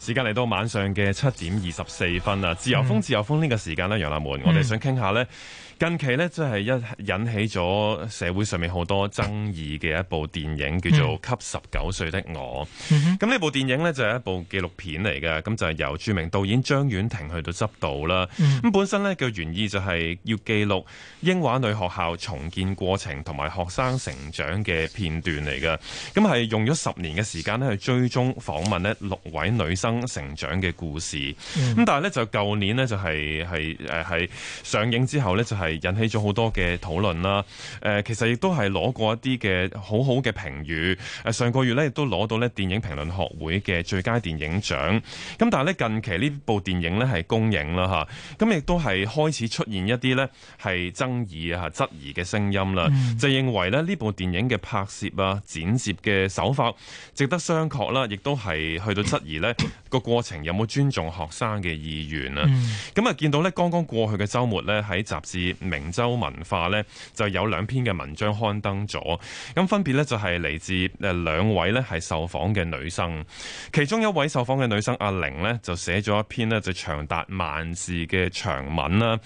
時間嚟到晚上嘅七點二十四分啦，自由風、mm. 自由風呢個時間咧，楊立門，我哋想傾下咧。近期咧，即係一引起咗社會上面好多爭議嘅一部電影，叫做《給十九歲的我》。咁、嗯、呢部電影咧就係一部紀錄片嚟嘅，咁就係、是、由著名導演張婉婷去到執導啦。咁、嗯、本身咧嘅原意就係要記錄英華女學校重建過程同埋學生成長嘅片段嚟嘅。咁係用咗十年嘅時間咧去追蹤訪問咧六位女生成長嘅故事。咁、嗯、但係咧就舊年咧就係係誒係上映之後咧就係、是。引起咗好多嘅討論啦，誒，其實亦都係攞過一啲嘅好好嘅評語，誒，上個月呢，亦都攞到呢電影評論學會嘅最佳電影獎，咁但係呢，近期呢部電影呢係公映啦吓，咁亦都係開始出現一啲呢係爭議啊質疑嘅聲音啦、嗯，就認為咧呢部電影嘅拍攝啊剪接嘅手法值得商榷啦，亦都係去到質疑呢個過程有冇尊重學生嘅意願啊，咁、嗯、啊見到呢，剛剛過去嘅周末呢，喺雜誌。明州文化呢就有兩篇嘅文章刊登咗，咁分別呢就係嚟自誒，兩位呢係受訪嘅女生，其中一位受訪嘅女生阿玲呢就寫咗一篇呢就長達萬字嘅長文啦，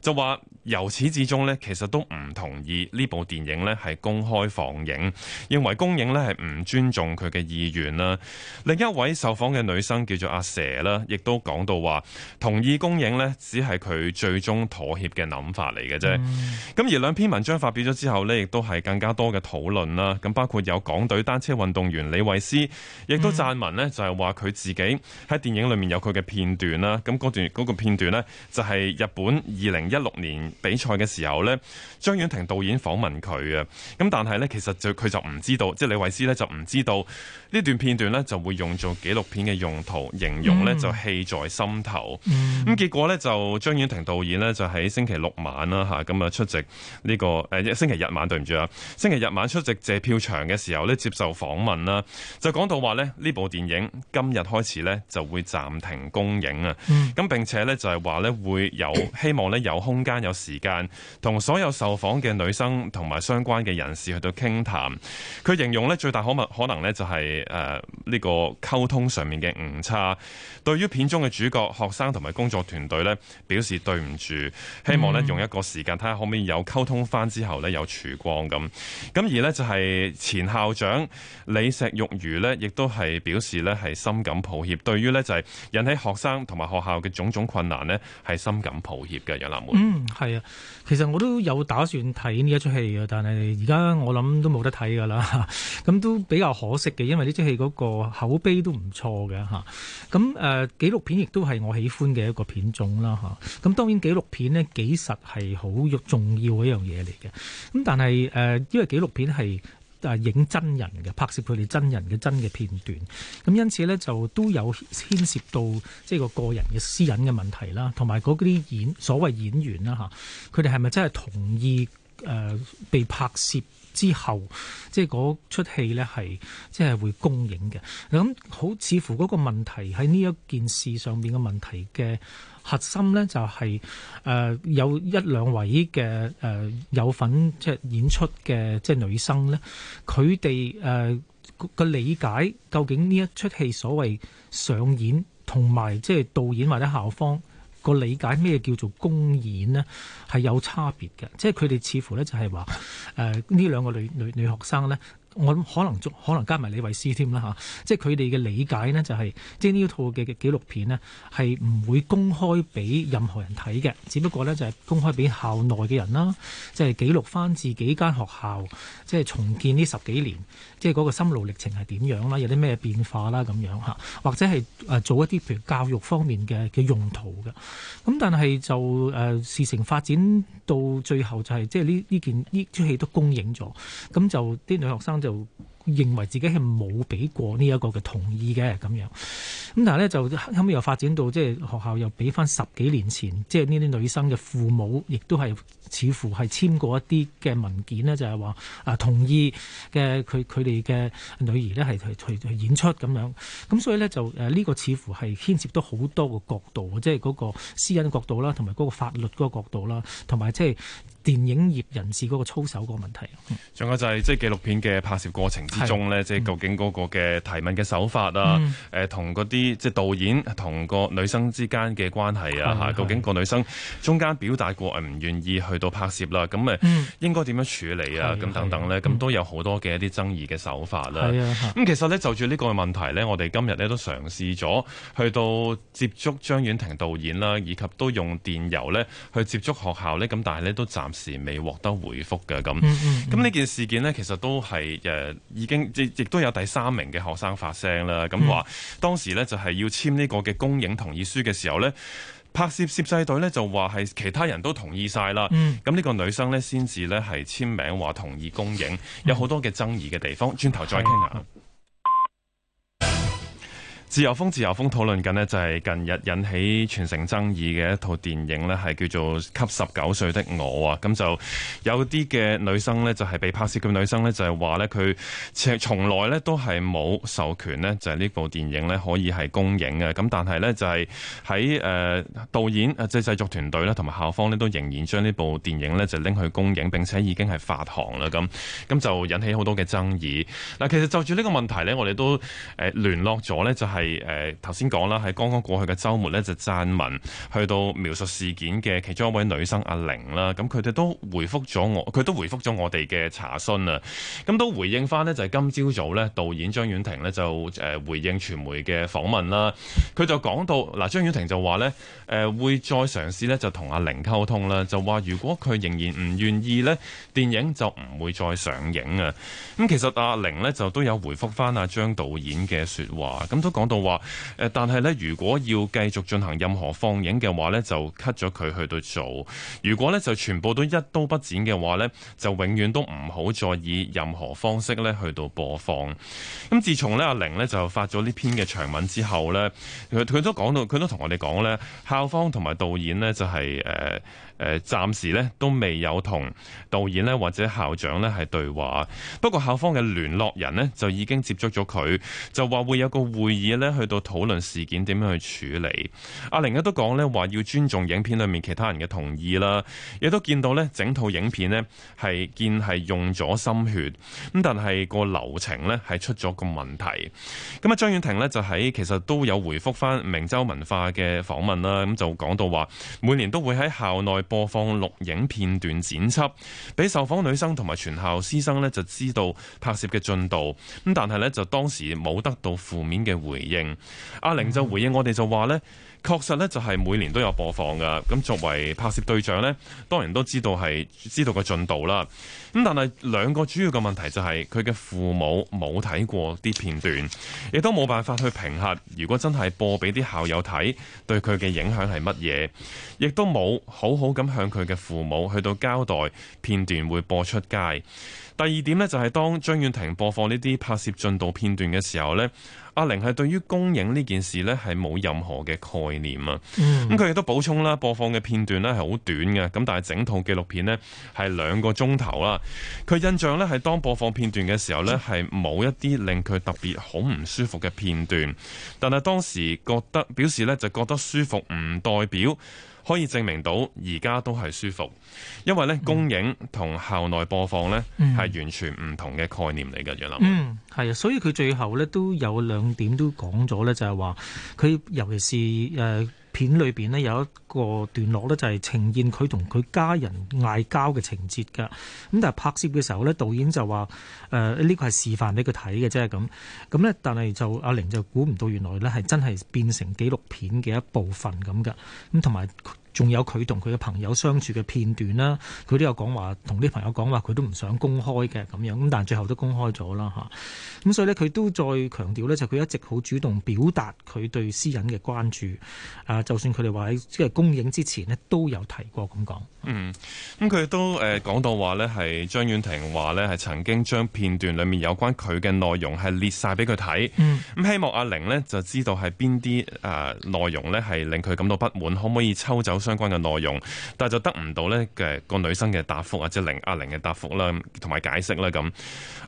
就話。由始至終呢其實都唔同意呢部電影呢係公開放映，認為公映呢係唔尊重佢嘅意願啦。另一位受訪嘅女生叫做阿蛇啦，亦都講到話同意公映呢只係佢最終妥協嘅諗法嚟嘅啫。咁、嗯、而兩篇文章發表咗之後呢亦都係更加多嘅討論啦。咁包括有港隊單車運動員李慧詩，亦都撰文呢就係話佢自己喺電影裏面有佢嘅片段啦。咁嗰段嗰個片段呢，就係日本二零一六年。比賽嘅時候呢，張婉婷導演訪問佢啊，咁但係呢，其實就就佢就唔知道，即係李慧詩呢，就唔知道呢段片段呢，就會用做紀錄片嘅用途，形容呢就氣在心頭。咁、mm. 結果呢，就張婉婷導演呢，就喺星期六晚啦吓，咁啊出席呢、這個誒、呃、星期日晚，對唔住啊，星期日晚出席借票場嘅時候呢，接受訪問啦，就講到話呢，呢部電影今日開始呢，就會暫停公映啊，咁並且呢，就係話呢，會有希望呢，有空間有。時間同所有受訪嘅女生同埋相關嘅人士去到傾談，佢形容呢，最大可能可能呢就係誒呢個溝通上面嘅誤差。對於片中嘅主角學生同埋工作團隊呢，表示對唔住，希望呢用一個時間睇下可唔可以有溝通翻之後呢，有曙光咁。咁而呢就係前校長李石玉如呢亦都係表示呢係深感抱歉，對於呢就係引起學生同埋學校嘅種種困難呢係深感抱歉嘅楊南梅。嗯，係。其實我都有打算睇呢一出戲嘅，但係而家我諗都冇得睇噶啦，咁都比較可惜嘅，因為呢出戲嗰個口碑都唔錯嘅吓。咁、啊、誒，紀、呃、錄片亦都係我喜歡嘅一個片種啦吓。咁、啊啊、當然紀錄片呢，紀實係好重要嘅一樣嘢嚟嘅。咁、啊、但係誒、呃，因為紀錄片係。誒影真人嘅拍攝，佢哋真人嘅真嘅片段，咁因此呢，就都有牽涉到即係個個人嘅私隱嘅問題啦，同埋嗰啲演所謂演員啦嚇，佢哋係咪真係同意誒被拍攝之後，即係嗰出戲呢係即係會公映嘅？咁好似乎嗰個問題喺呢一件事上面嘅問題嘅。核心咧就係、是呃、有一兩位嘅、呃、有份即係演出嘅即係女生咧，佢哋誒個理解究竟呢一出戲所謂上演同埋即係導演或者校方個理解咩叫做公演呢？係有差別嘅。即係佢哋似乎咧就係話誒呢兩個女女女學生咧。我可能可能加埋李慧思添啦吓，即係佢哋嘅理解咧，就係即係呢套嘅嘅紀錄片咧，係唔會公開俾任何人睇嘅，只不過咧就係公開俾校內嘅人啦，即係記錄翻自己間學校即係重建呢十幾年，即係個心路歷程係點樣啦，有啲咩變化啦咁樣吓，或者係誒做一啲譬如教育方面嘅嘅用途嘅。咁但係就誒事情發展到最後就係即係呢呢件呢出戲都公映咗，咁就啲女學生。就認為自己係冇俾過呢一個嘅同意嘅咁樣，咁但係咧就後尾又發展到即係、就是、學校又俾翻十幾年前，即係呢啲女生嘅父母，亦都係似乎係簽過一啲嘅文件呢就係、是、話啊同意嘅佢佢哋嘅女兒咧係去去演出咁樣，咁所以咧就誒呢、啊呢個似乎係牽涉到好多個角度，即係嗰個私隱角度啦，同埋嗰個法律嗰個角度啦，同埋即係。電影業人士嗰個操守個問題，仲有就係、是、即係紀錄片嘅拍攝過程之中咧、嗯呃，即係究竟嗰個嘅提問嘅手法啊，誒同嗰啲即係導演同個女生之間嘅關係啊嚇，究竟個女生中間表達過唔願意去到拍攝啦，咁誒應該點樣處理啊，咁等等呢，咁都有好多嘅一啲爭議嘅手法啦。咁、嗯、其實呢，就住呢個問題呢，我哋今日呢都嘗試咗去到接觸張婉婷導演啦，以及都用電郵呢去接觸學校呢。咁但係呢都暫。時未獲得回覆嘅，咁，咁呢件事件呢，其實都係誒，已經亦亦都有第三名嘅學生發聲啦。咁話當時呢就係要簽呢個嘅公映同意書嘅時候呢，拍攝攝製隊呢就話係其他人都同意晒啦。咁呢個女生呢，先至呢係簽名話同意公映，有好多嘅爭議嘅地方，轉頭再傾下。自由風自由風討論緊咧，就係近日引起全城爭議嘅一套電影咧，係叫做《給十九歲的我》啊！咁就有啲嘅女生咧，就係被拍攝嘅女生咧，就係話咧，佢從來咧都係冇授權咧，就係呢部電影咧可以係公映嘅。咁但係咧，就係喺誒導演啊，即係製作團隊咧，同埋校方咧，都仍然將呢部電影咧就拎去公映，並且已經係發行啦。咁咁就引起好多嘅爭議，嗱，其實就住呢個問題咧，我哋都誒聯絡咗咧，就係、是。係誒，頭先講啦，喺剛剛過去嘅周末呢，就撰文去到描述事件嘅其中一位女生阿玲啦，咁佢哋都回覆咗我，佢都回覆咗我哋嘅查詢啊，咁都回應翻呢，就係今朝早呢，導演張婉婷呢，就誒回應傳媒嘅訪問啦，佢就講到嗱，張婉婷就話呢，誒會再嘗試呢，就同阿玲溝通啦，就話如果佢仍然唔願意呢，電影就唔會再上映啊，咁其實阿玲呢，就都有回覆翻阿張導演嘅說話，咁都講。就話誒，但係咧，如果要繼續進行任何放映嘅話咧，就 cut 咗佢去到做；如果咧就全部都一刀不剪嘅話咧，就永遠都唔好再以任何方式咧去到播放。咁自從咧阿、啊、玲咧就發咗呢篇嘅長文之後咧，佢佢都講到，佢都同我哋講咧，校方同埋導演咧就係、是、誒。呃誒暫時咧都未有同導演咧或者校長咧係對話，不過校方嘅聯絡人咧就已經接觸咗佢，就話會有個會議咧去到討論事件點樣去處理。阿玲一都講咧話要尊重影片裏面其他人嘅同意啦，亦都見到咧整套影片咧係見係用咗心血，咁但係個流程咧係出咗個問題。咁啊張婉婷咧就喺其實都有回覆返明州文化嘅訪問啦，咁就講到話每年都會喺校內。播放錄影片段剪輯，俾受訪女生同埋全校師生咧就知道拍攝嘅進度。咁但係咧就當時冇得到負面嘅回應。阿玲就回應我哋就話呢。確實咧，就係每年都有播放噶。咁作為拍攝對象呢，當然都知道係知道個進度啦。咁但係兩個主要嘅問題就係佢嘅父母冇睇過啲片段，亦都冇辦法去評核。如果真係播俾啲校友睇，對佢嘅影響係乜嘢？亦都冇好好咁向佢嘅父母去到交代片段會播出街。第二點呢，就係當張婉婷播放呢啲拍攝進度片段嘅時候呢，阿玲係對於公映呢件事呢係冇任何嘅概念啊。咁佢亦都補充啦，播放嘅片段呢係好短嘅，咁但係整套紀錄片呢係兩個鐘頭啦。佢印象呢係當播放片段嘅時候呢係冇一啲令佢特別好唔舒服嘅片段，但係當時覺得表示呢，就覺得舒服，唔代表。可以證明到而家都係舒服，因為咧公映同校內播放咧係完全唔同嘅概念嚟㗎，楊林。嗯，係啊、嗯，所以佢最後咧都有兩點都講咗咧，就係話佢尤其是、呃片裏邊咧有一個段落咧就係呈現佢同佢家人嗌交嘅情節嘅，咁但係拍攝嘅時候呢導演就話誒呢個係示範俾佢睇嘅啫咁，咁咧但係就阿玲就估唔到原來呢係真係變成紀錄片嘅一部分咁嘅，咁同埋。仲有佢同佢嘅朋友相處嘅片段啦，佢都有講話同啲朋友講話佢都唔想公開嘅咁樣，咁但係最後都公開咗啦吓，咁所以咧，佢都再強調咧，就佢一直好主動表達佢對私隱嘅關注。啊，就算佢哋話，即係公映之前咧，都有提過咁講，嗯，咁佢都誒講到話咧，係張婉婷話咧，係曾經將片段裏面有關佢嘅內容係列晒俾佢睇。嗯，咁希望阿玲咧就知道係邊啲誒內容咧係令佢感到不滿，可唔可以抽走？相關嘅內容，但係就得唔到呢嘅個女生嘅答覆或者係阿玲嘅答覆啦，同埋解釋啦咁。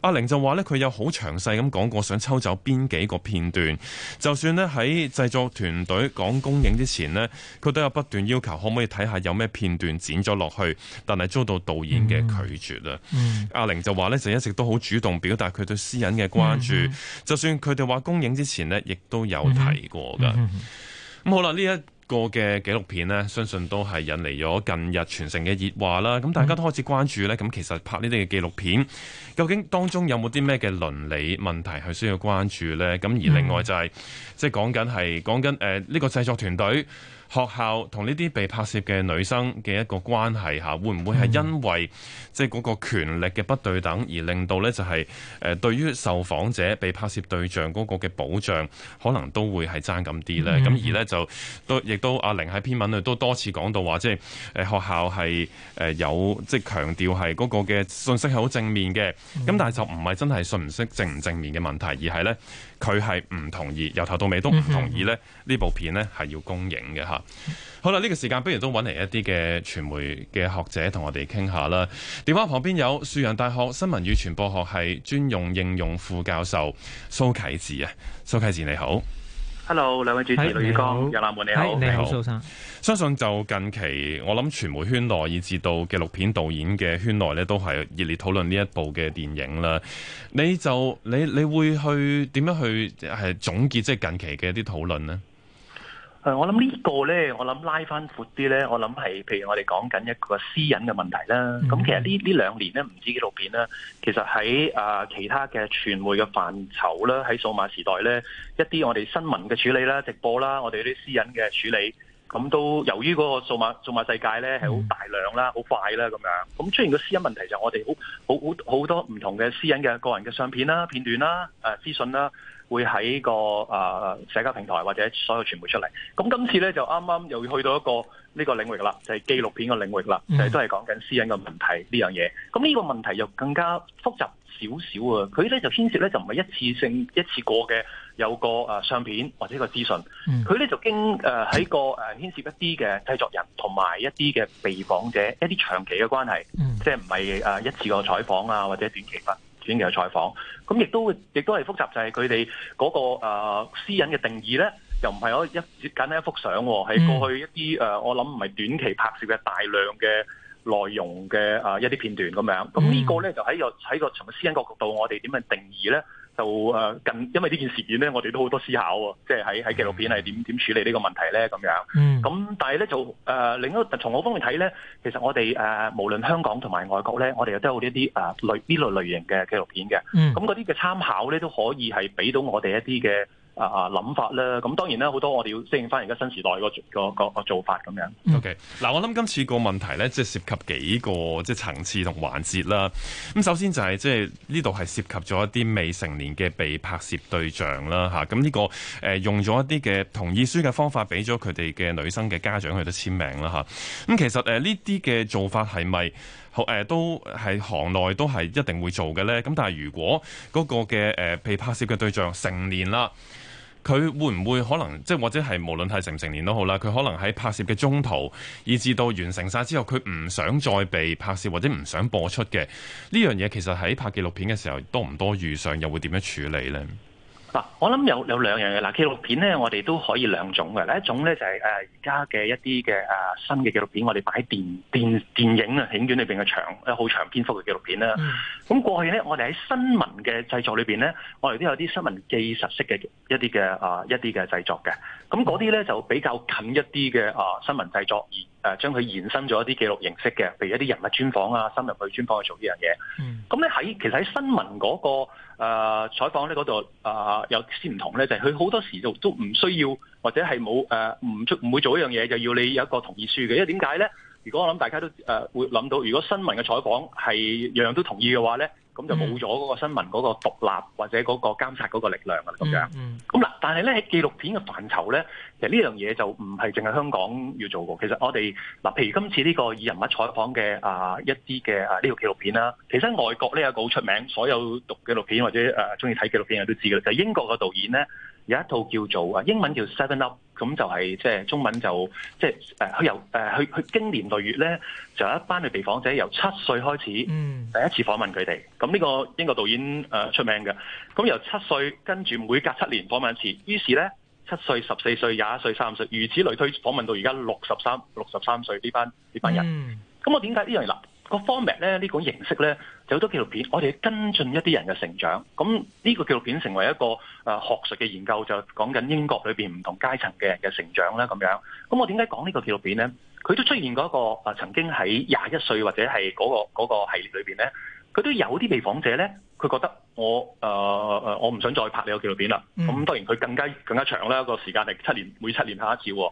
阿玲就話呢佢有好詳細咁講過，想抽走邊幾個片段，就算呢喺製作團隊講公映之前呢，佢都有不斷要求，可唔可以睇下有咩片段剪咗落去，但係遭到導演嘅拒絕啦。Mm -hmm. 阿玲就話呢就一直都好主動表達佢對私隱嘅關注，mm -hmm. 就算佢哋話公映之前呢，亦都有提過噶。咁、mm -hmm. 好啦，呢一個嘅紀錄片呢，相信都係引嚟咗近日全城嘅熱話啦。咁大家都開始關注呢。咁其實拍呢啲嘅紀錄片，究竟當中有冇啲咩嘅倫理問題係需要關注呢？咁而另外就係、是、即係講緊係講緊誒呢個製作團隊。學校同呢啲被拍攝嘅女生嘅一個關係吓，會唔會係因為即係嗰個權力嘅不對等，而令到呢就係誒對於受訪者被拍攝對象嗰個嘅保障，可能都會係爭咁啲呢？咁、mm -hmm. 而呢，就也都亦都阿玲喺篇文裏都多次講到話，即係誒學校係誒有即係、即係、強調係嗰個嘅信息係好正面嘅，咁、mm -hmm. 但係就唔係真係信唔識正唔正面嘅問題，而係呢。佢係唔同意，由頭到尾都唔同意咧。呢 部片咧係要公映嘅吓。好啦，呢、這個時間不如都揾嚟一啲嘅傳媒嘅學者同我哋傾下啦。電話旁邊有樹仁大學新聞與傳播學係專業應用副教授蘇啟智啊，蘇啟智你好。Hello，兩位主持，李宇剛、楊蘭梅你好，你好蘇生，相信就近期我諗傳媒圈內以至到紀錄片導演嘅圈內咧，都係熱烈討論呢一部嘅電影啦。你就你你會去點樣去係總結即係近期嘅一啲討論呢？我諗呢個咧，我諗拉翻闊啲咧，我諗係譬如我哋講緊一個私隱嘅問題啦。咁、嗯、其實呢呢兩年咧，唔止紀錄片啦。其實喺誒、呃、其他嘅傳媒嘅範疇啦，喺數碼時代咧，一啲我哋新聞嘅處理啦、直播啦、我哋啲私隱嘅處理，咁都由於嗰個數碼數碼世界咧係好大量啦、好快啦咁樣。咁出現個私隱問題就係我哋好好好好多唔同嘅私隱嘅個人嘅相片啦、片段啦、誒、呃、資訊啦。會喺個啊、呃、社交平台或者所有傳媒出嚟，咁今次咧就啱啱又去到一個呢個領域啦，就係紀錄片嘅領域啦，mm. 就都係講緊私隱嘅問題呢樣嘢。咁、這、呢、個、個問題又更加複雜少少啊！佢咧就牽涉咧就唔係一次性一次過嘅有個啊、呃、相片或者一個資訊，佢、mm. 咧就經誒喺、呃、個誒、呃、牽涉一啲嘅製作人同埋一啲嘅被訪者一啲長期嘅關係，mm. 即係唔係誒一次個採訪啊或者短期片嘅採訪，咁亦都亦都係複雜，就係佢哋嗰個私隱嘅定義咧，又唔係可以一簡單一幅相喎，係過去一啲誒，我諗唔係短期拍攝嘅大量嘅內容嘅誒一啲片段咁樣，咁、這、呢個咧就喺個喺個從私隱角度，我哋點樣定義咧？就誒近，因為呢件事件咧，我哋都好多思考，即係喺喺紀錄片係點點處理呢個問題咧咁樣。咁、嗯、但係咧就誒另一個，從我方面睇咧，其實我哋誒無論香港同埋外國咧，我哋又都有呢啲誒類呢類類型嘅紀錄片嘅。咁嗰啲嘅參考咧，都可以係俾到我哋一啲嘅。.啊啊諗、啊、法咧，咁、啊、當然咧，好多我哋要適應翻而家新時代個個個做法咁樣。O K. 嗱，我諗今次個問題咧，即係涉及幾個即係層次同環節啦。咁首先就係、是、即係呢度係涉及咗一啲未成年嘅被拍攝對象啦，吓、啊、咁、這、呢個誒、呃、用咗一啲嘅同意書嘅方法，俾咗佢哋嘅女生嘅家長去得簽名啦，吓、啊，咁其實誒呢啲嘅做法係咪誒都係行內都係一定會做嘅咧？咁但係如果嗰個嘅誒、呃、被拍攝嘅對象成年啦。佢會唔會可能即係或者係無論係成唔成年都好啦，佢可能喺拍攝嘅中途，以至到完成晒之後，佢唔想再被拍攝或者唔想播出嘅呢樣嘢，其實喺拍紀錄片嘅時候多唔多遇上，又會點樣處理呢？嗱，我諗有有兩樣嘢嗱，紀錄片咧，我哋都可以兩種嘅。第一種咧就係誒而家嘅一啲嘅誒新嘅紀錄片，我哋擺電電，電影啊，影院裏面嘅長誒好長篇幅嘅紀錄片啦。咁、嗯、過去咧，我哋喺新聞嘅製作裏面咧，我哋都有啲新聞技術式嘅一啲嘅啊一啲嘅製作嘅。咁嗰啲咧就比較近一啲嘅啊新聞製作而。誒將佢延伸咗一啲記錄形式嘅，譬如一啲人物專訪啊、深入去專訪去做呢樣嘢。咁咧喺其實喺新聞嗰、嗰個誒、呃、採訪咧嗰度誒有啲唔同咧，就係佢好多時就都唔需要或者係冇誒唔出唔會做一樣嘢，就要你有一個同意書嘅。因為點解咧？如果我諗大家都誒、呃、會諗到，如果新聞嘅採訪係樣樣都同意嘅話咧。咁就冇咗嗰個新聞嗰個獨立或者嗰個監察嗰個力量啊咁、mm -hmm. 樣。咁嗱，但係咧喺紀錄片嘅範疇咧，其實呢樣嘢就唔係淨係香港要做嘅。其實我哋嗱，譬如今次呢個以人物採訪嘅啊一啲嘅啊呢個紀錄片啦，其實外國呢有個好出名，所有讀紀錄片或者誒中意睇紀錄片嘅人都知嘅。就英國嘅導演咧有一套叫做啊英文叫 Seven Up。咁就係、是、即、就是、中文就即係佢由去去，去經年累月咧，就有一班嘅被訪者由七歲開始，第一次訪問佢哋。咁、嗯、呢個英國導演誒、呃、出名嘅，咁、嗯、由七歲跟住每隔七年訪問一次，於是咧七歲、十四歲、廿一歲、三十歲，如此類推訪 63, 63，訪問到而家六十三、六十三歲呢班呢班人。咁、嗯、我點解呢樣？嗱。個 format 咧呢、呢個形式咧，就好多紀錄片，我哋跟進一啲人嘅成長。咁呢個紀錄片成為一個誒、呃、學術嘅研究，就講緊英國裏面唔同階層嘅人嘅成長啦咁樣。咁我點解講呢個紀錄片咧？佢都出現過一個誒、呃、曾經喺廿一歲或者係嗰、嗰個嗰、嗰個、系列裏面咧，佢都有啲被訪者咧，佢覺得我誒、呃、我唔想再拍呢個紀錄片啦。咁當然佢更加更加長啦，個時間係七年，每七年拍一次、啊。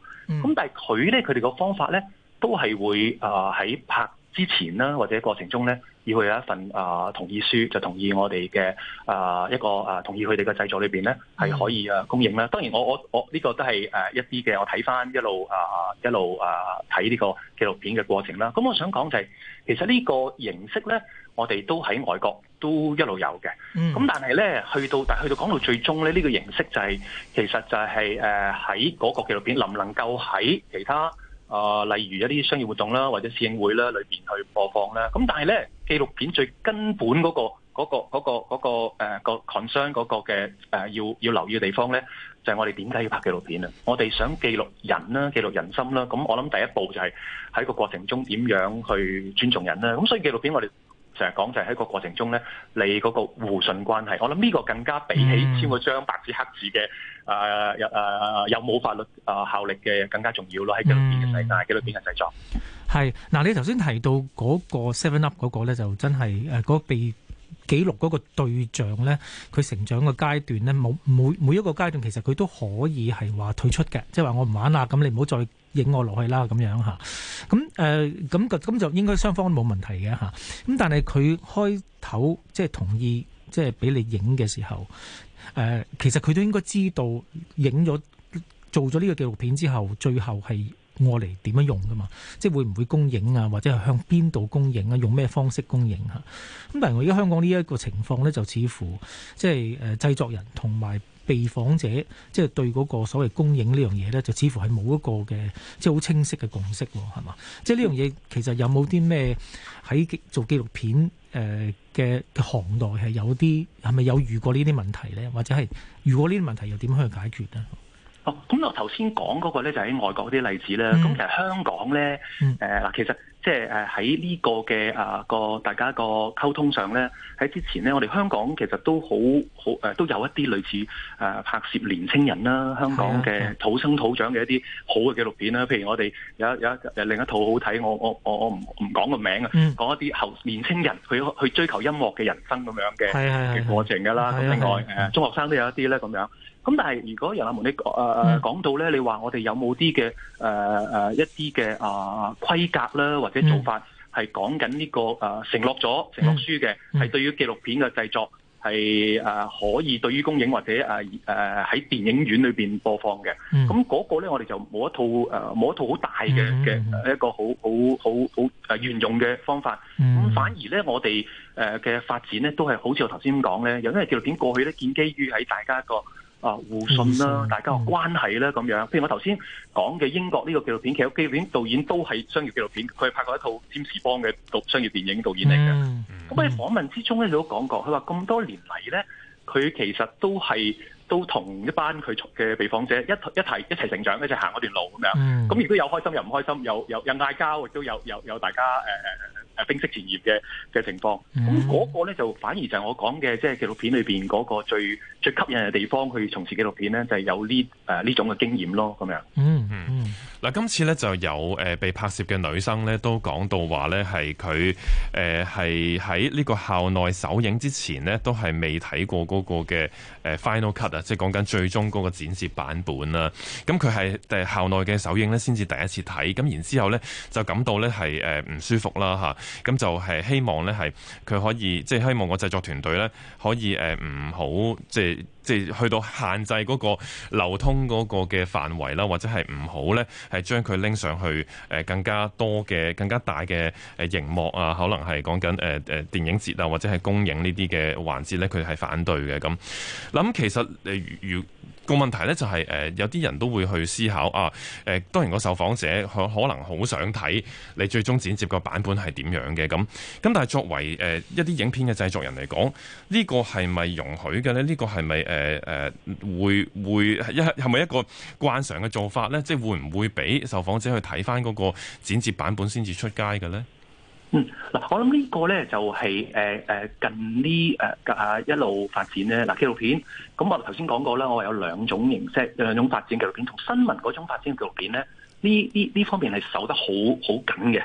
咁但係佢咧，佢哋個方法咧，都係會喺、呃、拍之前啦，或者過程中咧，要有一份啊同意書，就同意我哋嘅啊一個啊同意佢哋嘅製作裏面咧，係可以啊供應啦。當然我，我我我呢個都係誒一啲嘅。我睇翻一,一路啊一路啊睇呢個紀錄片嘅過程啦。咁、嗯、我想講就係、是、其實呢個形式咧，我哋都喺外國都一路有嘅。咁但係咧去到但係去到講到最終咧，呢、呢個形式就係、是、其實就係誒喺嗰個紀錄片能唔能夠喺其他？啊、呃，例如一啲商業活動啦，或者試映會啦，裏面去播放啦。咁但係咧，紀錄片最根本嗰、那個嗰、那個嗰、那個嗰、那個誒、呃、個 concern 嗰個嘅、呃、要要留意嘅地方咧，就係、是、我哋點解要拍紀錄片紀錄啊？我哋想記錄人啦，記錄人心啦、啊。咁我諗第一步就係喺個過程中點樣去尊重人啦、啊。咁所以紀錄片我哋。成日講就係喺個過程中咧，你嗰個互信關係，我諗呢個更加比起簽嗰張白紙黑字嘅誒誒有冇法律誒效力嘅更加重要咯，喺記錄片嘅世界，記錄片嘅製作。係，嗱，你頭先提到嗰個 Seven Up 嗰個咧，就真係誒嗰被記錄嗰個對象咧，佢成長嘅階段咧，冇每每一個階段其實佢都可以係話退出嘅，即係話我唔玩啦，咁你唔好再。影我落去啦，咁樣嚇，咁誒，咁、呃、咁就應該雙方冇問題嘅嚇。咁但係佢開頭即係同意即係俾你影嘅時候，呃、其實佢都應該知道影咗做咗呢個紀錄片之後，最後係我嚟點樣用噶嘛？即係會唔會公映啊？或者係向邊度公映啊？用咩方式公映呀？咁但係我而家香港呢一個情況咧，就似乎即係誒、呃、製作人同埋，被訪者即係、就是、對嗰個所謂公映呢樣嘢咧，就似乎係冇一個嘅即係好清晰嘅共識喎，係嘛？即係呢樣嘢其實有冇啲咩喺做紀錄片誒嘅嘅行內係有啲係咪有遇過呢啲問題咧？或者係遇過呢啲問題又點樣去解決咧？哦，咁我頭先講嗰個咧就喺外國嗰啲例子咧，咁、嗯、其實香港咧，嗱、嗯呃，其實即係喺呢個嘅啊個大家個溝通上咧，喺之前咧，我哋香港其實都好好、呃、都有一啲類似誒、呃、拍攝年青人啦，香港嘅土生土長嘅一啲好嘅紀錄片啦，譬如我哋有有一，有一另一套好睇，我我我我唔唔講個名啊、嗯，講一啲年青人去去追求音樂嘅人生咁樣嘅嘅、嗯、過程㗎啦，咁另外、呃、中學生都有一啲咧咁樣。咁但係如果楊立門你講誒到咧，你話、呃、我哋有冇啲嘅誒誒一啲嘅啊規格啦，或者做法係、嗯、講緊、這、呢個誒、呃、承諾咗承諾書嘅，係、嗯嗯、對於紀錄片嘅製作係誒、呃、可以對於公映或者誒喺、呃呃、電影院裏面播放嘅。咁、嗯、嗰個咧，我哋就冇一套誒冇、呃、一套好大嘅嘅、嗯、一個好好好好誒沿用嘅方法。咁、嗯、反而咧，我哋誒嘅發展咧，都係好似我頭先講咧，因為紀錄片過去咧建基於喺大家個。啊，互信啦、啊，大家個關係啦、啊，咁樣。譬如我頭先講嘅英國呢個紀錄片，其實基本導演都係商業紀錄片，佢係拍過一套《占士邦》嘅商業電影導演嚟嘅。咁、嗯、喺訪問之中咧，佢都講過，佢話咁多年嚟咧，佢其實都係都同一班佢嘅被訪者一一齊一齊成長，一齊行嗰段路咁樣。咁如果有開心，有唔開心，有有有嗌交，亦都有有有大家、呃誒冰釋前嫌嘅嘅情況，咁嗰個咧就反而就係我講嘅，即係紀錄片裏邊嗰個最最吸引嘅地方，去從事紀錄片咧，就係有呢誒呢種嘅經驗咯，咁樣。嗯嗯。嗱，今次咧就有誒被拍攝嘅女生咧，都講到話咧，係佢誒係喺呢個校內首映之前咧，都係未睇過嗰個嘅。誒 Final Cut 啊，即係講緊最終嗰個展示版本啦。咁佢係誒校內嘅首映呢，先至第一次睇。咁然之後呢，就感到呢係誒唔舒服啦嚇。咁就係希望呢係佢可以即係、就是、希望我製作團隊呢可以誒唔好即係。就是即係去到限制嗰個流通嗰個嘅範圍啦，或者係唔好咧，係將佢拎上去誒、呃、更加多嘅、更加大嘅誒熒幕啊，可能係講緊誒誒電影節啊，或者係公映呢啲嘅環節咧，佢係反對嘅咁。嗱咁其實誒如。呃呃個問題呢，就係誒有啲人都會去思考啊，誒當然個受訪者可可能好想睇你最終剪接個版本係點樣嘅，咁咁，但係作為誒一啲影片嘅製作人嚟講，呢個係咪容許嘅呢？呢個係咪誒誒會會一係咪一個慣常嘅做法呢？即係會唔會俾受訪者去睇翻嗰個剪接版本先至出街嘅呢？嗯，嗱、就是，我諗呢個咧就係誒誒近呢誒啊一路發展咧，嗱紀錄片，咁我頭先講過啦，我話有兩種形式，有兩種發展紀錄片，同新聞嗰種發展紀錄片咧，呢呢呢方面係守得好好緊嘅，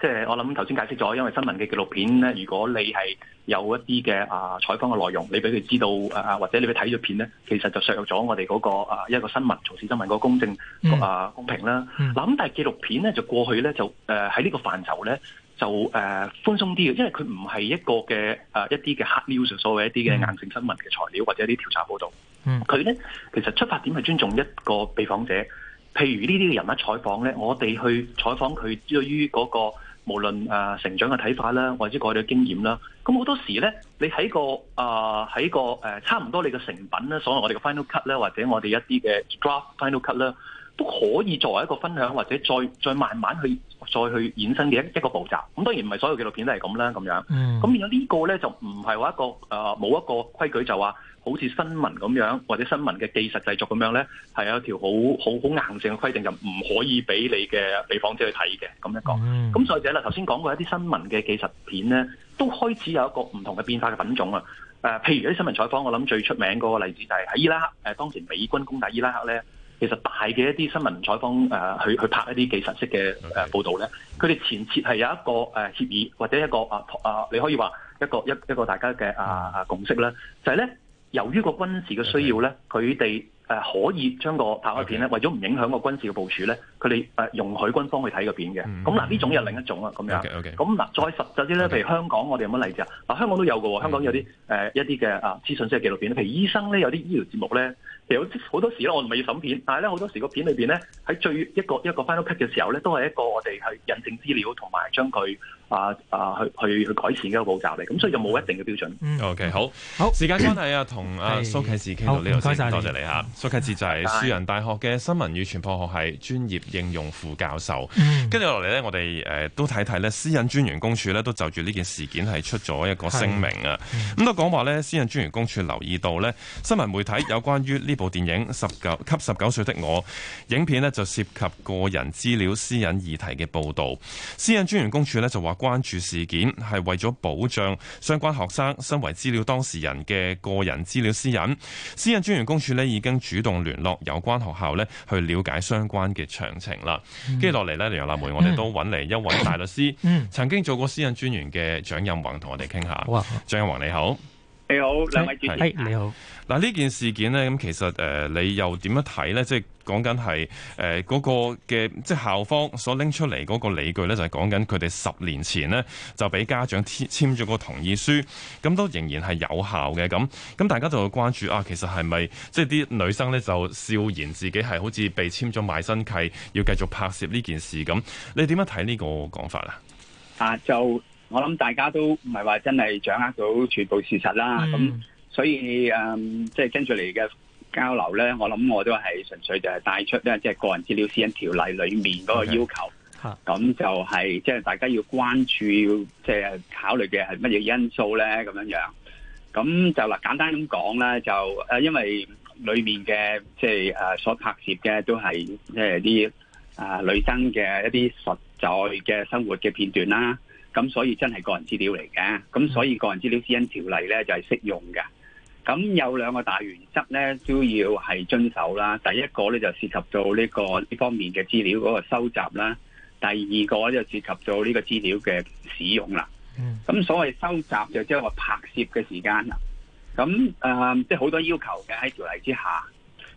即係、就是、我諗頭先解釋咗，因為新聞嘅紀錄片咧，如果你係有一啲嘅啊採訪嘅內容，你俾佢知道啊，或者你俾佢睇咗片咧，其實就削入削弱咗我哋嗰、那個啊一個新聞，從事新聞個公正、嗯、啊公平啦。嗱、啊、咁但係紀錄片咧就過去咧就誒喺、啊、呢個範疇咧。就誒、呃、寬鬆啲嘅，因為佢唔係一個嘅誒、呃、一啲嘅 h e a d，所謂一啲嘅硬性新聞嘅材料或者一啲調查報導。嗯，佢呢其實出發點係尊重一個被訪者。譬如呢啲嘅人物採訪呢，我哋去採訪佢，對於嗰、那個無論成長嘅睇法啦，或者改嚟嘅經驗啦，咁好多時呢，你喺個啊喺、呃、個、呃、差唔多你嘅成品呢，所謂我哋嘅 final cut 呢，或者我哋一啲嘅 draft final cut 呢。都可以作為一個分享，或者再再慢慢去再去衍生嘅一一個步驟。咁當然唔係所有紀錄片都係咁啦，咁樣。咁、嗯、而有呢個咧，就唔係話一個誒冇、呃、一個規矩就，就話好似新聞咁樣或者新聞嘅技術製作咁樣咧，係有一條好好好硬性嘅規定，就唔可以俾你嘅被訪者去睇嘅咁一個。咁、嗯、再者啦，頭先講過一啲新聞嘅技術片咧，都開始有一個唔同嘅變化嘅品種啊、呃。譬如啲新聞採訪，我諗最出名嗰個例子就係喺伊拉克，呃、當時美軍攻打伊拉克咧。其實大嘅一啲新聞採訪誒、呃，去去拍一啲紀實式嘅誒報導咧，佢、okay. 哋、呃、前設係有一個誒、呃、協議，或者一個啊啊，你可以話一個一一個大家嘅啊共識、就係、呢就係咧，由於個軍事嘅需要咧，佢哋誒可以將個拍開片咧，okay. 為咗唔影響個軍事嘅部署咧，佢哋誒容許軍方去睇個片嘅。咁、mm. 嗱，呢種又另一種啊，咁樣。咁、okay. 嗱，再實際啲咧，okay. 譬如香港，我哋有乜例子啊？嗱，香港都有嘅，香港有啲、okay. 呃、一啲嘅、呃、啊資訊式紀錄片，譬如醫生咧，有啲醫療節目咧。好多時咧，我唔係要審片，但係咧好多時個片裏邊咧，喺最一個一個 final cut 嘅時候咧，都係一個我哋去引證資料同埋將佢啊啊去去去改善嘅一個步驟嚟，咁所以就冇一定嘅標準。OK，好好時間關係啊，同阿、啊、蘇啟智傾到呢度先，多謝你嚇。蘇啟智就係樹仁大學嘅新聞與傳播學系專業應用副教授。跟住落嚟咧，我哋誒都睇睇呢私隱專員公署咧都就住呢件事件係出咗一個聲明啊。咁都講話呢，私隱專員公署留意到呢新聞媒體有關於呢。部電影十九給十九歲的我，影片咧就涉及個人資料私隱議題嘅報道。私隱專員公署咧就話關注事件，係為咗保障相關學生身為資料當事人嘅個人資料私隱。私隱專員公署咧已經主動聯絡有關學校咧去了解相關嘅詳情啦。跟住落嚟咧，梁立梅我哋都揾嚟、嗯、一位大律師，曾經做過私隱專員嘅蔣任宏同我哋傾下。蔣、啊、任宏你好。你好，兩位主持。你好。嗱，呢件事件呢，咁其實誒、呃，你又點樣睇呢？就是呃那個、即係講緊係誒，嗰個嘅即係校方所拎出嚟嗰個理據呢，就係講緊佢哋十年前呢，就俾家長簽咗個同意書，咁都仍然係有效嘅。咁咁，大家就會關注啊，其實係咪即係啲女生呢，就笑言自己係好似被簽咗賣身契，要繼續拍攝呢件事咁？你點樣睇呢個講法啊？啊，就。我諗大家都唔係話真係掌握到全部事實啦，咁、mm. 所以誒，即、嗯、係、就是、跟住嚟嘅交流咧，我諗我都係純粹就係帶出咧，即、就、係、是、個人資料私隱條例裏面嗰個要求，咁、okay. 就係即係大家要關注要即係、就是、考慮嘅係乜嘢因素咧，咁樣樣。咁就嗱簡單咁講啦，就誒，因為裏面嘅即係誒所拍攝嘅都係即係啲誒女生嘅一啲實在嘅生活嘅片段啦。咁所以真係個人資料嚟嘅，咁所以個人資料私隱條例咧就係、是、適用嘅。咁有兩個大原則咧都要係遵守啦。第一個咧就涉及到呢、這個呢方面嘅資料嗰個收集啦。第二個呢就涉及到呢個資料嘅使用啦。咁、嗯、所謂收集就即係個拍攝嘅時間啦。咁誒即係好多要求嘅喺條例之下。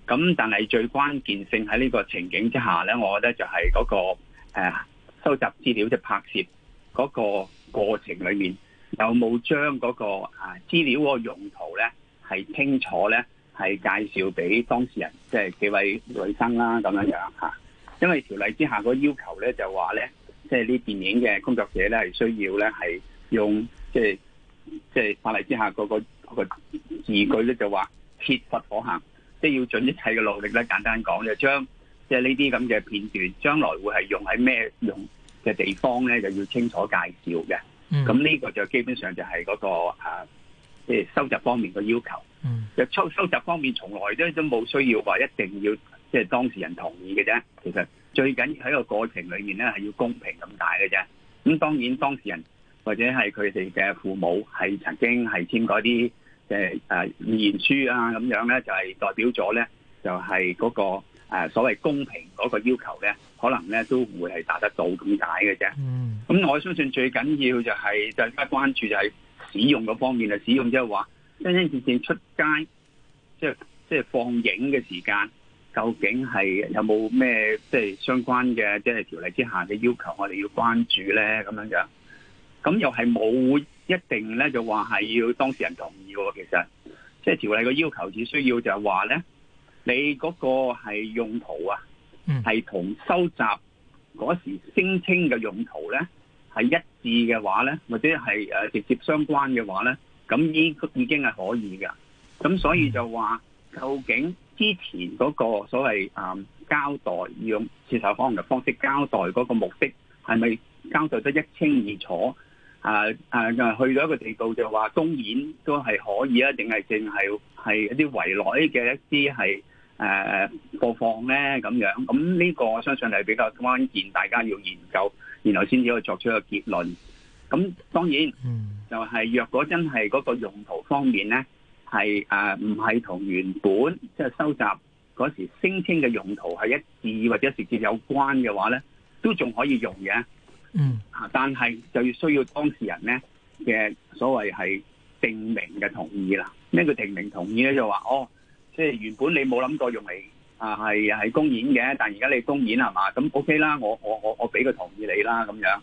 咁但係最關鍵性喺呢個情景之下咧，我覺得就係嗰、那個、啊、收集資料嘅拍攝。嗰個過程裏面有冇將嗰個啊資料個用途咧係清楚咧係介紹俾當事人，即係幾位女生啦、啊、咁樣樣嚇。因為條例之下個要求咧就話咧，即係呢電影嘅工作者咧係需要咧係用即係即係法例之下嗰個字句咧就話切實可行，即係要盡一切嘅努力咧。簡單講就將即係呢啲咁嘅片段，將來會係用喺咩用嘅地方咧就要清楚介紹嘅，咁、嗯、呢個就基本上就係嗰、那個即係、啊就是、收集方面嘅要求、嗯。就收集方面從來都都冇需要話一定要即係、就是、當事人同意嘅啫。其實最緊要喺個過程裏面咧係要公平咁打嘅啫。咁當然當事人或者係佢哋嘅父母係曾經係簽嗰啲嘅誒言書啊咁樣咧，就係、是、代表咗咧就係、是、嗰、那個。誒所謂公平嗰個要求咧，可能咧都唔會係達得到咁解嘅啫。咁、mm. 我相信最緊要就係大家關注就係使用嘅方面啊，使用即係話真真正正出街即即放映嘅時間，究竟係有冇咩即係相關嘅即係條例之下嘅要求，我哋要關注咧咁樣嘅。咁又係冇一定咧，就話係要當事人同意喎。其實即係條例嘅要求，只需要就係話咧。你嗰個係用途啊，係同收集嗰時聲稱嘅用途咧係一致嘅話咧，或者係誒直接相關嘅話咧，咁呢個已經係可以㗎。咁所以就話，究竟之前嗰個所謂誒交代，用接受訪問嘅方式交代嗰個目的係咪交代得一清二楚？誒誒，去到一個地步，就話公演都係可以啊，定係淨係係一啲圍內嘅一啲係。誒、啊，播放咧咁樣，咁呢個我相信係比較關鍵，大家要研究，然後先至可以作出一個結論。咁當然，就係、是，若果真係嗰個用途方面咧，係誒唔係同原本即係、就是、收集嗰時聲稱嘅用途係一致或者直接有關嘅話咧，都仲可以用嘅。嗯，吓，但係就要需要當事人咧嘅所謂係證明嘅同意啦。咩、那、叫、個、證明同意咧？就話哦。即係原本你冇諗過用嚟啊，係係公演嘅，但而家你公演係嘛？咁 OK 啦，我我我我俾個同意你啦，咁樣。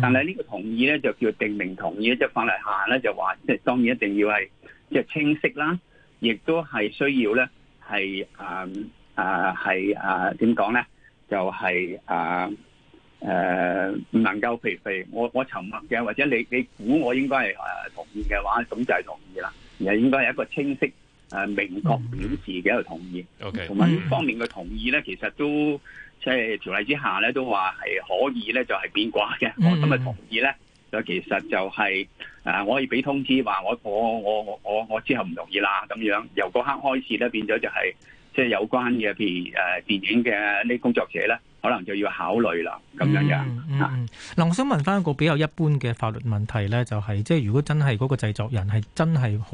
但係呢個同意咧就叫定名同意，mm. 即係法律下咧就話，即係當然一定要係即係清晰啦，亦都係需要咧係啊啊係啊點講咧？就係、是、啊誒唔、啊、能夠肥肥，我我沉默嘅，或者你你估我應該係、啊、同意嘅話，咁就係同意啦。而係應該係一個清晰。誒明確表示嘅一個同意，同埋呢方面嘅同意咧，其實都即係條例之下咧，都話係可以咧，就係變卦嘅。我咁嘅同意咧，就其實就係、是、誒，我可以俾通知話我我我我我之後唔同意啦，咁樣由嗰刻開始咧，變咗就係即係有關嘅譬如誒電影嘅呢工作者咧。可能就要考慮啦，咁樣樣。嗱、嗯嗯嗯嗯，我想問翻一個比較一般嘅法律問題呢、就是，就係即係如果真係嗰個製作人係真係好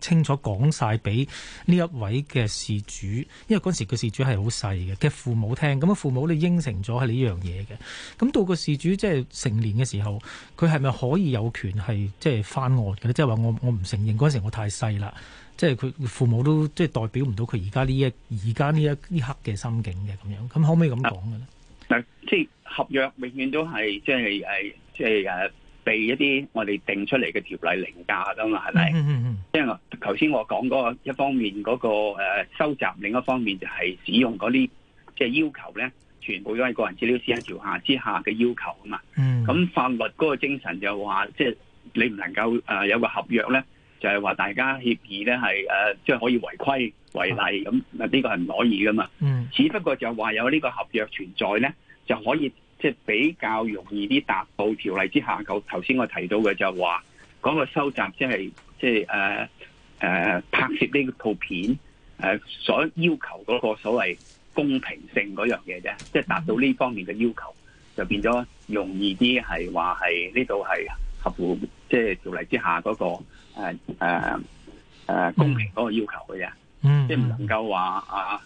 清楚講晒俾呢一位嘅事主，因為嗰時個事主係好細嘅，嘅父母聽，咁啊父母你應承咗係呢樣嘢嘅。咁到個事主即係成年嘅時候，佢係咪可以有權係、就是、即係翻案嘅呢？即係話我我唔承認，嗰時我太細啦。即係佢父母都即係代表唔到佢而家呢一而家呢一呢刻嘅心境嘅咁樣，咁可唔可以咁講嘅咧？嗱，即係合約永遠都係即係誒，即係誒被一啲我哋定出嚟嘅條例凌駕噶嘛，係咪？嗯嗯嗯。即係頭先我講嗰個一方面嗰個誒收集，另一方面就係使用嗰啲即係要求咧，全部都係個人資料私隱條例之下嘅要求啊嘛。嗯。咁 法律嗰個精神就話，即係你唔能夠誒有個合約咧。就係、是、話大家協議咧係誒，即係可以違規違例咁，呢個係唔可以㗎嘛。嗯，只不過就話有呢個合約存在咧，就可以即係比較容易啲達到條例之下。頭頭先我提到嘅就話，嗰、那個收集即係即係誒誒拍攝呢套片誒、啊、所要求嗰個所謂公平性嗰樣嘢啫，即、就、係、是、達到呢方面嘅要求，就變咗容易啲係話係呢度係合乎即係、就是、條例之下嗰、那個。誒、啊、誒、啊，公平嗰個要求嘅啫，即係唔能夠話啊，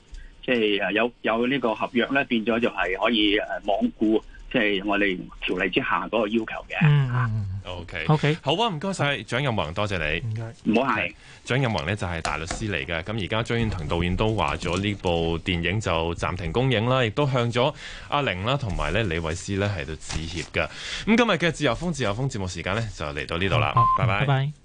即係誒有有呢個合約咧，變咗就係可以誒罔顧，即係我哋條例之下嗰個要求嘅。嗯，OK OK，好啊，唔該晒蔣任宏，多謝你唔該，唔好客氣。蔣任宏呢就係大律師嚟嘅。咁而家張婉婷導演都話咗呢部電影就暫停公映啦，亦都向咗阿聆啦同埋咧李慧詩咧喺度致歉噶。咁今日嘅自由風自由風節目時間咧就嚟到呢度啦，拜拜。Bye bye bye bye